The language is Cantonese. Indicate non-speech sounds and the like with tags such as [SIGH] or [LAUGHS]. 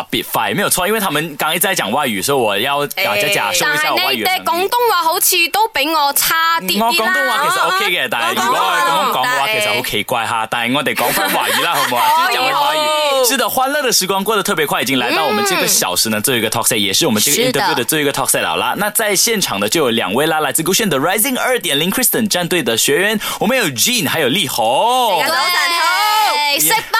特別快，沒有錯，因為他們剛才在講外語，所以我要大家假說一下我外語、哎。但係，我廣東話好似都比我差點，點我廣東話其實 OK 嘅，但、哦、係如果我咁樣講話，哦、話說話其實好奇怪哈、哎。但係我哋講翻華語啦， [LAUGHS] 好唔好啊？講翻華語。是的，歡樂的時光過得特別快，已經來到我們這個小時呢最後一個 talk set，也是我們這個 interview 的最後一個 talk set 啦。好啦，那在現場呢就有兩位啦，來自 GOXUAN 的 Rising 二點零 Kryston 戰隊的學員，我們有 Jean 還有麗荭。大家好，大家好，識不？